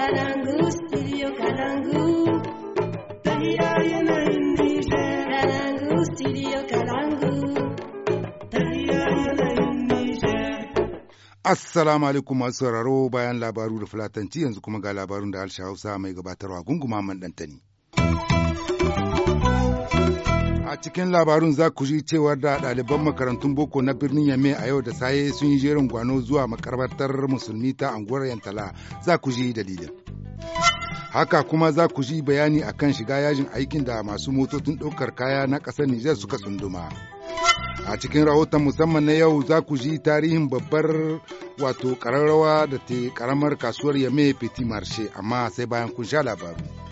Kalangu, studio Kalangu. Tahira yana Niger. Kalangu, studio Kalangu. Tahira yana Niger. Assalamu alaikum masu sauraro bayan labaru da fulatanci yanzu kuma ga labarun da harshe Hausa mai gabatarwa gunguma man ɗantani. a cikin labarun za ku ji cewar da ɗaliban makarantun boko na birnin Yame a yau da saye sun yi jerin gwano zuwa makarantar musulmi ta anguwar Yantala za ku ji dalilin. Haka kuma za ku ji bayani a kan shiga yajin aikin da masu motocin ɗaukar kaya na ƙasar Nijar suka tsunduma? A cikin rahoton musamman na yau za ku ji tarihin babbar wato ƙararrawa da ta ƙaramar kasuwar Yame Petit Marché amma sai bayan kun sha labaru.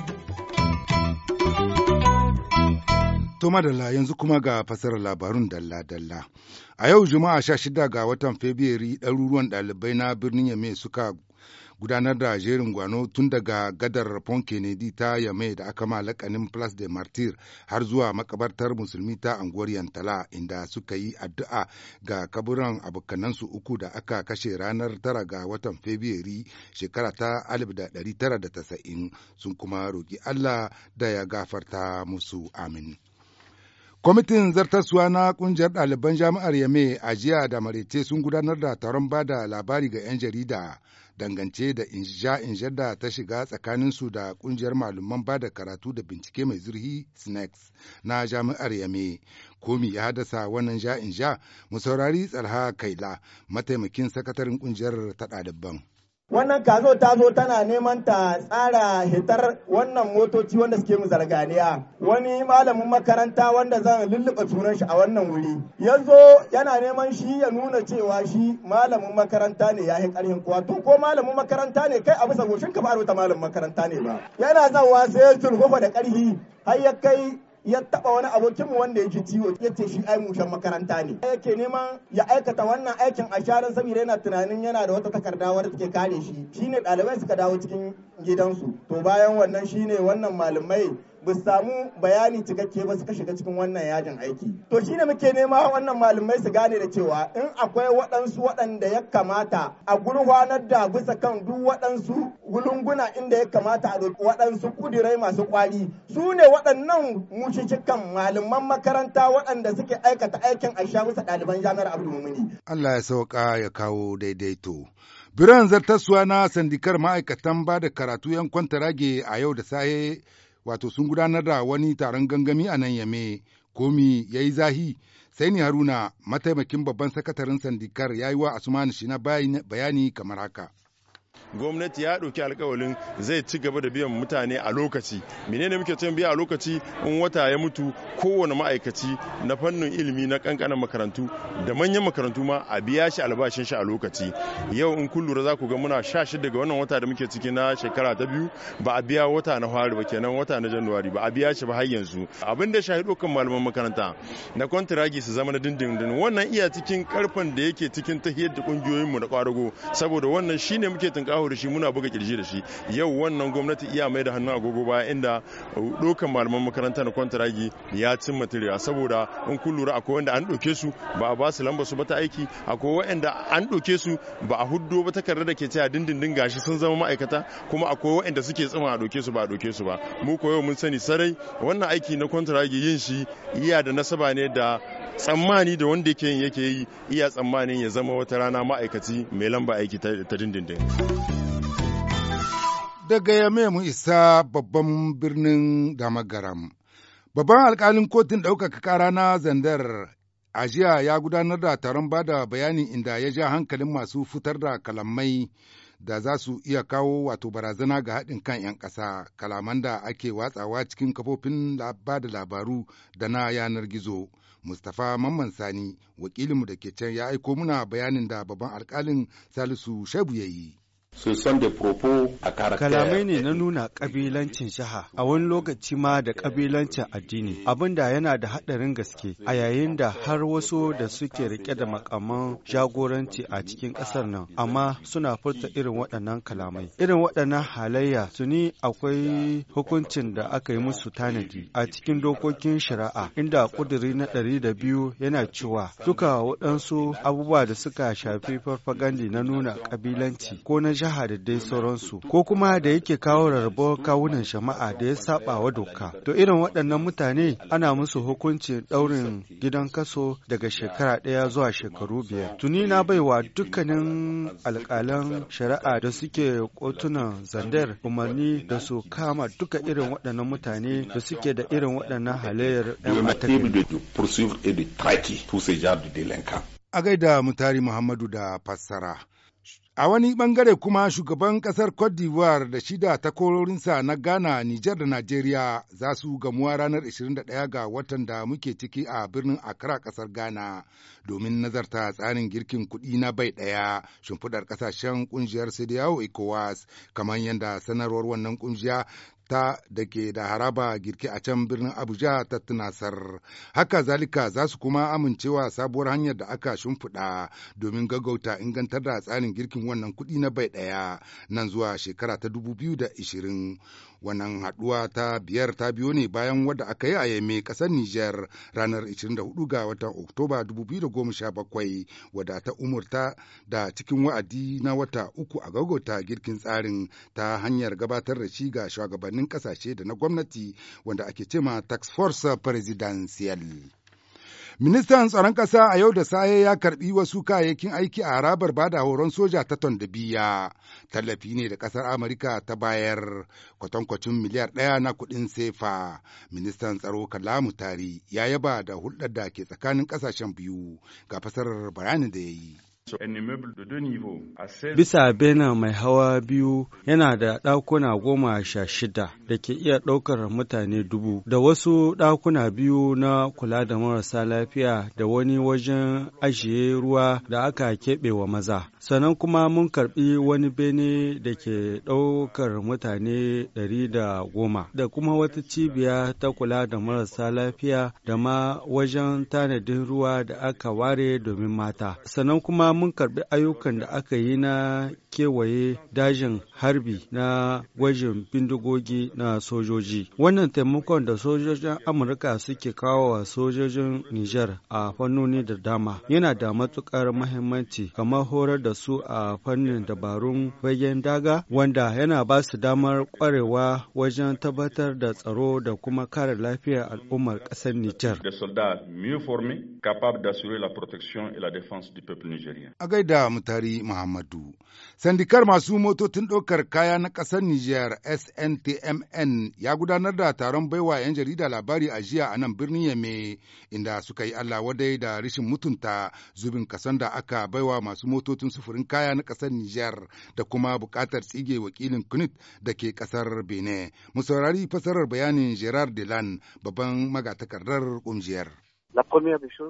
To madalla yanzu kuma ga fasarar labarun dalla-dalla. A yau Juma'a sha shida ga watan Fabrairu ɗaruruwan ɗalibai na birnin Yame suka gudanar da jerin gwano tun daga gadar Pont Kennedy ta Yame da aka ma lakanin Place de Martyr har zuwa makabartar musulmi ta anguwar Yantala inda suka yi addu'a ga kaburan abokanansu uku da aka kashe ranar tara ga watan Fabrairu shekara ta alif da da tara 1990 sun kuma roƙi Allah da ya gafarta musu amin. Kwamitin zartaswa na kungiyar ɗaliban jami'ar Yame a jiya da marece sun gudanar da taron ba da labari ga 'yan jarida dangance da inja da ta shiga tsakaninsu da kungiyar malaman ba da karatu da bincike mai zurhi snacks e na jami'ar Yame. Komi ya haddasa wannan ja-inja mu saurari tsarha kaila mataimakin sakataren kungiyar ta ɗaliban. wannan kazo ta zo tana neman ta tsara hitar wannan motoci wanda suke mu zarganiya wani malamin makaranta wanda zan lulluɓa sunan shi a wannan wuri ya zo yana neman shi ya nuna cewa shi malamin makaranta ne ya yi ƙarhin kuwa, to ko malamin makaranta ne kai a bisa goshin ka ba malamin makaranta ne ba yana zawa sai ya da ƙarhi har ya kai ya taba wani abokinmu wanda yake ciwo ya ce shi ai mushen makaranta ne yake neman ya aikata wannan aikin a sharan saboda yana tunanin yana da wata takarda wadda take kare shi shine ɗalibai suka dawo cikin gidansu to bayan wannan shine wannan malamai ba su samu bayani cikakke ba suka shiga cikin wannan yajin aiki to shi ne muke nema wannan malamai su gane da cewa in akwai waɗansu waɗanda ya kamata a gurfanar da bisa kan duk waɗansu gulunguna inda ya kamata a roƙi waɗansu kudirai masu ƙwari su ne waɗannan mucicikan malaman makaranta waɗanda suke aikata aikin a sha bisa ɗaliban jami'ar abdulmumini Allah ya sauka ya kawo daidaito biran zartaswa na sandikar ma'aikatan ba da karatu yan kwantarage a yau da sahe wato sun gudanar da wani taron gangami a nan yame komi ya yi zahi sai ne haruna mataimakin babban sakataren sandikar ya yi wa asumani shi na bayani kamar haka. gwamnati ya ɗauki alkawalin zai ci gaba da biyan mutane a lokaci menene muke cin biya a lokaci in wata ya mutu kowane ma'aikaci na fannin ilimi na ƙanƙanan makarantu da manyan makarantu ma a biya shi albashin shi a lokaci yau in kun lura za ku ga muna sha shi daga wannan wata da muke ciki na shekara ta biyu ba a biya wata na fari ba kenan wata na januwari ba a biya shi ba har yanzu abin da shahi kan malaman makaranta na kwantiragi su zama na dindindin wannan iya cikin karfan da yake cikin tahiyar da kungiyoyinmu na kwarago saboda wannan shine muke tunkawa kawo da shi muna buga kirji da shi yau wannan gwamnati iya mai da hannu agogo baya inda dokan uh, malaman makaranta na kwantaragi ya cin matiriya saboda in kun lura akwai wanda an doke su ba a basu su lamba su bata aiki akwai wanda an doke su ba a huddo ba takarda da ke taya dindindin gashi sun zama ma'aikata kuma akwai wanda suke tsima a doke su ba a doke su ba mu ko yau mun sani sarai wannan aiki na kwantaragi yin shi iya da nasaba ne da tsammani da wanda ke yin yake yi iya tsammanin ya zama wata rana ma'aikaci mai lamba aiki ta dindindin. Daga yame mu isa babban birnin Damagaram. Babban alkalin kotun ɗaukaka kara na zandar a jiya ya gudanar da taron bada bayani inda ya ja hankalin masu fitar da kalamai da za su iya kawo wato barazana ga haɗin kan 'yan ƙasa kalaman da ake watsawa cikin kafofin ba da labaru da na yanar gizo. Mustapha Mamman Sani wakilinmu da ke can ya aiko muna bayanin da babban alkalin Salisu shabu ya yi. su san da propo a kalamai ne na nuna kabilancin jiha a wani lokaci ma da kabilancin addini abin da yana da haɗarin gaske a yayin da har wasu da suke rike da makaman jagoranci a cikin ƙasar nan amma suna furta irin waɗannan kalamai irin waɗannan halayya suni akwai hukuncin da aka yi musu tanadi a cikin dokokin shari'a inda kuduri na ɗari da biyu yana cewa duka waɗansu abubuwa da suka shafi farfagandi na nuna kabilanci ko na jiha da dai sauransu ko kuma da yake kawo rarrabuwar kawunan shama'a da ya saba wa doka to irin waɗannan mutane ana musu hukuncin ɗaurin gidan kaso daga shekara ɗaya zuwa shekaru biyar tuni na baiwa dukkanin alƙalan shari'a da suke kotunan zandar umarni da su kama duka irin waɗannan mutane da suke da irin waɗannan halayyar A gaida mutari Muhammadu da fassara. A wani ɓangare kuma shugaban ƙasar Cote d'Ivoire da shida ta kororinsa na Ghana, Nijar da Najeriya za su gamuwa ranar 21 ga watan da muke ciki a birnin Accra ƙasar Ghana domin nazarta tsarin girkin kuɗi na bai ɗaya shimfiɗar ƙasashen ƙungiyar CDAO ECOWAS kamar yadda sanarwar wannan ƙungiya ta da ke da haraba girki a can birnin Abuja ta tunasar. Haka zalika za su kuma amincewa sabuwar hanyar da aka shimfiɗa domin gaggauta ingantar da tsarin girkin wannan kuɗi na bai ɗaya nan zuwa shekara ta 2020. Wannan haɗuwa ta biyar ta biyo ne bayan wadda aka yi a Yeme ƙasar Nijar ranar 24 ga watan Oktoba 2017 wadda ta umurta da cikin wa'adi na wata uku a gagota girkin tsarin ta hanyar gabatar da shi ga shugabannin ƙasashe da na gwamnati wanda ake cema Tax Force Presidential. Ministan tsaron ƙasa a yau da saye ya karɓi wasu kayayyakin aiki a harabar bada horon soja ta Tondabiya. Tallafi ne da ƙasar Amurka ta bayar kwatankwacin miliyar ɗaya na kuɗin sefa. Ministan tsaro Kalamu Tari ya yaba da hulɗar da ke tsakanin ƙasashen biyu ga fasarar bayanin da ya yi. Bisa bena mai hawa biyu yana da ɗakuna goma sha shida da ke iya ɗaukar mutane dubu da wasu ɗakuna biyu na kula da marasa lafiya da wani wajen ajiye ruwa da aka keɓe wa maza. sannan kuma mun karbi wani bene da ke ɗaukar mutane 110 da kuma wata cibiya ta kula da marasa lafiya da ma wajen tanadin ruwa da aka ware domin mata sannan kuma mun karbi ayyukan da aka yi na kewaye dajin harbi na gwajin bindigogi na sojoji wannan taimakon da sojojin amurka suke kawo wa sojojin Nijar a fannoni da dama yana da matukar mahimmanci kamar horar da su a fannin dabarun bayan daga wanda yana ba su damar kwarewa wajen tabbatar da tsaro da kuma kare lafiyar al'ummar kasar Nijar. A gaida mutari Muhammadu, sandikar masu motocin ɗaukar kaya na kasar Nijar SNTMN ya gudanar da taron baiwa 'yan jarida labari a jiya a nan birnin Yame inda suka yi Allah wadai da rishin mutunta zubin kasan da aka baiwa masu motocin sufurin kaya na ƙasar Nijar da kuma buƙatar tsige wakilin Kunit da ke ƙasar Benin. Mu saurari fasarar bayanin Gerard Delan babban magatakardar ƙungiyar.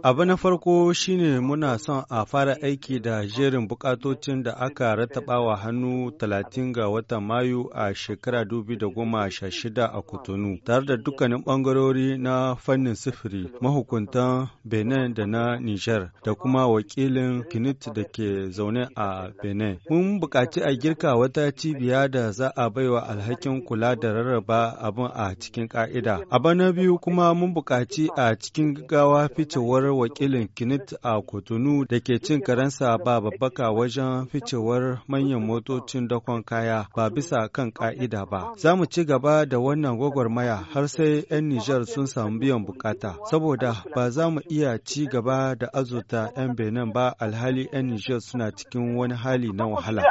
Abu na farko shine muna son a fara aiki da jerin bukatocin da aka rataba wa hannu 30 ga watan Mayu a shekara 2016 a Kotonu, tare da dukkanin bangarori na fannin sifiri, mahukuntan Benin da na Nijar, da kuma wakilin Kinit da ke zaune a Benin. Mun bukaci a girka wata cibiya da za a baiwa alhakin kula da rarraba abin a cikin ka'ida. Abu na biyu kuma mun bukaci a cikin gaggawa gaggawa ficewar wakilin Kinit a Kotunu da ke cin karansa ba babbaka wajen ficewar manyan motocin dakon kaya ba bisa kan ka'ida ba. Za mu ci gaba da wannan gwagwarmaya har sai 'yan Nijar sun samu biyan bukata, saboda ba za mu iya ci gaba da azurta 'yan Benin ba alhali 'yan Nijar suna cikin wani hali na wahala.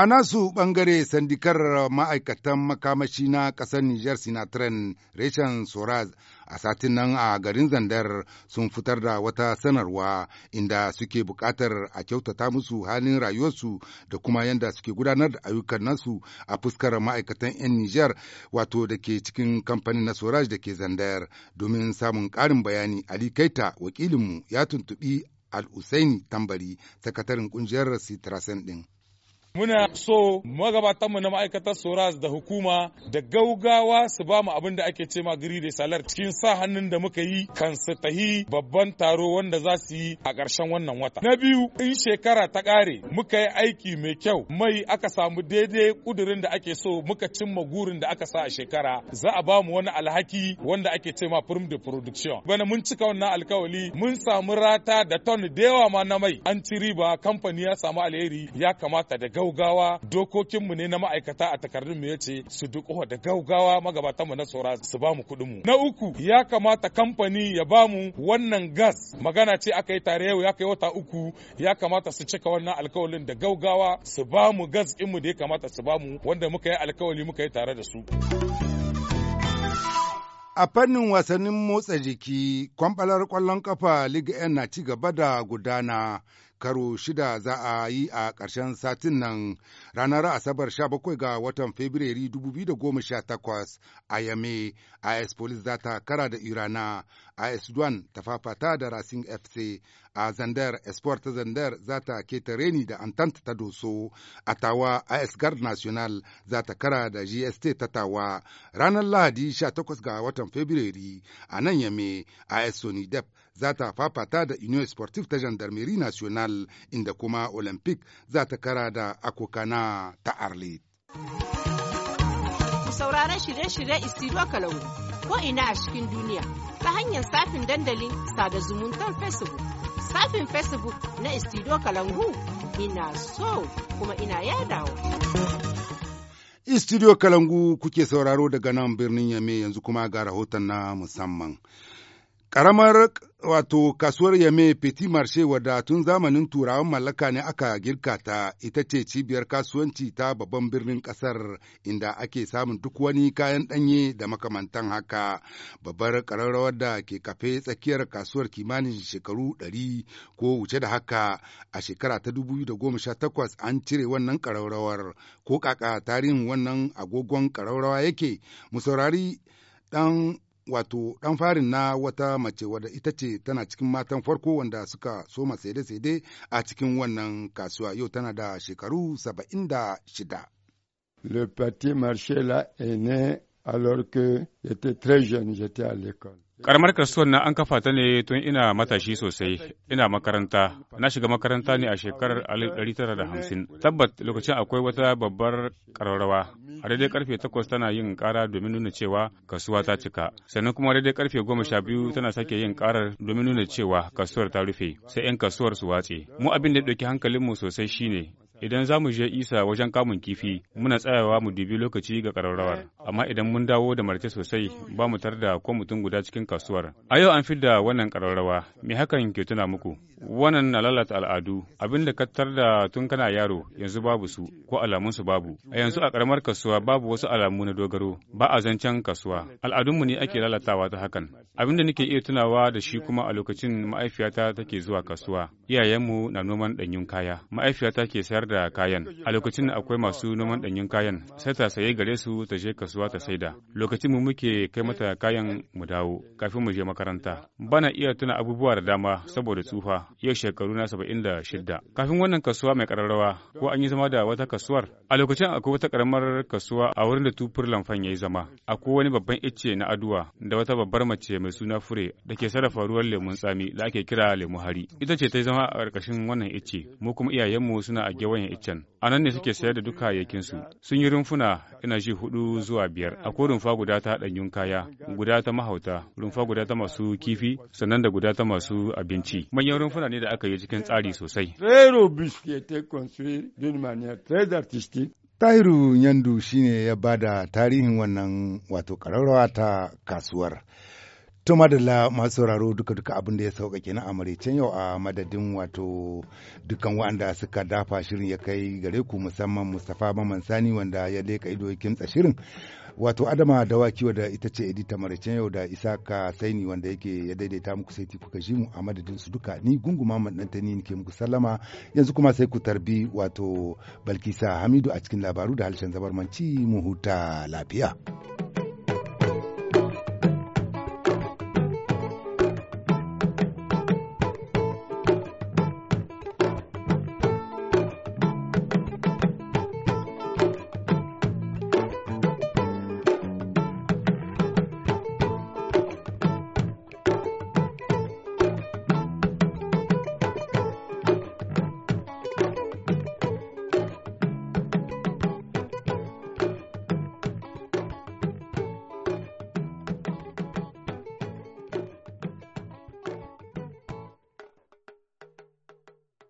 A nasu ɓangare sandikar ma'aikatan makamashi na ƙasar Nijar Sinatren reshen Soraz a satin nan a garin Zandar sun fitar da wata sanarwa inda suke buƙatar a kyautata musu halin rayuwarsu da kuma yadda suke gudanar da ayyukan nasu a fuskar ma'aikatan 'yan Nijar wato da ke cikin kamfanin na Soraz da ke Zandar domin samun ƙarin bayani Ali Kaita wakilinmu ya tuntuɓi Al-Usaini Tambari sakataren ƙungiyar Sitrasen ɗin. muna so magabatanmu na ma'aikatar soras da hukuma da gaugawa su ba mu abin da ake ce ma giri da salar cikin sa hannun da muka yi kan su tahi babban taro wanda za su yi a ƙarshen wannan wata na biyu in shekara ta ƙare muka yi aiki mai kyau mai aka samu daidai kudurin da ake so muka cimma gurin da aka sa a shekara za a ba mu wani alhaki wanda ake ce ma firm de production bana mun cika wannan alkawali mun samu rata da ton da yawa ma na mai an ci riba kamfani ya samu alheri ya kamata da gaugawa gaugawa dokokinmu ne na ma'aikata a takardun mu ya ce su duƙuwa da gaugawa magabatanmu na saura su ba mu kuɗin mu. Na uku ya kamata kamfani ya ba mu wannan gas magana ce aka yi tare yau ya kai wata uku ya kamata su cika wannan alkawalin da gaugawa su ba mu gas mu da ya kamata su ba mu wanda muka yi alkawali muka yi tare da su. A fannin wasannin motsa jiki, kwambalar ƙwallon ƙafa Liga 'yan na ci gaba da gudana. karo shida za a yi a ƙarshen satin nan ranar asabar 17 ga watan fabrairu 2018 a yame is police za ta kara da irana AS Duan ta fafata da Racing FC a Zander sport Zander Zandar za ta keta reni da Antanta ta doso a tawa AS Guard National za ta kara da GST ta tawa ranar Lahadi 18 ga watan Fabrairu a nan Yame AS Sonidep za ta fafata da Union Sportif ta Gendarmerie National inda kuma Olympic za ta kara da Akokana ta Arlit. Sauraron shirye-shirye Isidro ko ko'ina a cikin duniya ta hanyar safin dandalin sada zumuntar facebook safin facebook na istido kalangu ina so kuma ina yadawa istido kalangu kuke sauraro daga nan birnin yame yanzu kuma ga rahoton na musamman Ƙaramar wato kasuwar Yame Petit Marché wadda tun zamanin turawan mallaka ne aka girka ta ita ce cibiyar kasuwanci ta babban birnin ƙasar inda ake samun duk wani kayan ɗanye da makamantan haka. Babbar ƙararrawar da ke kafe tsakiyar kasuwar kimanin shekaru ɗari ko wuce da haka a shekara ta takwas an cire wannan ƙararrawar ko kaka tarihin wannan agogon ƙararrawa yake mu saurari ɗan wato ɗan farin na wata mace wadda ita ce tana cikin matan farko wanda suka soma saide-saide a cikin wannan kasuwa yau tana da shekaru saba'in da shida. Le Petit Marché là est alors que j'étais très jeune, j'étais à l'école. Karamar kasuwar na an kafa ta ne tun ina matashi sosai, ina makaranta, na shiga makaranta ne a shekarar 1950. Tabbat lokacin akwai wata babbar kararrawa, a daidai karfe 8 tana yin kara domin nuna cewa kasuwa ta cika, sannan kuma daidai karfe 12 tana sake yin karar domin nuna cewa kasuwar ta rufe, sai 'yan kasuwar su watse. Mu abin da ya ɗauki hankalinmu sosai shine Idan za mu je isa wajen kamun kifi, muna tsayawa mu dubi lokaci ga ƙararrawar, amma idan mun dawo da marke sosai ba mu tar da ko mutum guda cikin kasuwar. A yau an fi da wannan ƙararrawa, me hakan ke tuna muku? Wannan na lalata al'adu, abin da ka tar da tun kana yaro yanzu babu su ko alamunsu babu. A yanzu a ƙaramar kasuwa babu wasu alamu na dogaro, ba a zancen kasuwa. Al'adunmu ne ake lalatawa ta hakan. Abin da nake iya tunawa da shi kuma a lokacin ma'aifiyata take zuwa kasuwa. Iyayenmu na noman ɗanyun kaya, ma'aifiyata ke sayar da kayan. A lokacin da akwai masu noman ɗanyen kayan, sai ta saye gare su ta je kasuwa ta saida. Lokacin mu muke kai mata kayan mu dawo kafin mu je makaranta. Bana iya tuna abubuwa da dama saboda tsufa, yau shekaru na saba'in da shidda. Kafin wannan kasuwa mai kararrawa ko an yi zama da wata kasuwar. A lokacin akwai wata karamar kasuwa a wurin da tufur lamfan ya yi zama. Akwai wani babban icce na aduwa da wata babbar mace mai suna fure da ke sarrafa ruwan lemun tsami da ake kira lemu hari. Ita ce ta zama a ƙarƙashin wannan icce, mu kuma iyayenmu suna a ƙauyen Iccen. A nan ne suke sayar da duk kayayyakinsu. Sun yi rumfuna ina shi hudu zuwa biyar. Akwai rumfa guda ta ɗanyun kaya, guda ta mahauta, rumfa guda ta masu kifi, sannan da guda ta masu abinci. Manyan rumfuna ne da aka yi cikin tsari sosai. Tahiru Yandu shine ya bada tarihin wannan wato ƙararrawa ta kasuwar. To madalla masu sauraro duka-duka abin da ya sauka na a maraicen yau a madadin wato dukan waɗanda suka dafa shirin ya kai gare ku musamman Mustapha Maman Sani wanda ya leka ido ya kimtsa shirin. Wato Adama da Dawaki wadda ita ce edita maraicen yau da isa ka Saini wanda yake ya daidaita muku sai kuka ji mu a madadin su duka ni gunguma ni ke muku sallama yanzu kuma sai ku tarbi wato Balkisa Hamidu a cikin labaru da harshen zabarmanci mu huta lafiya.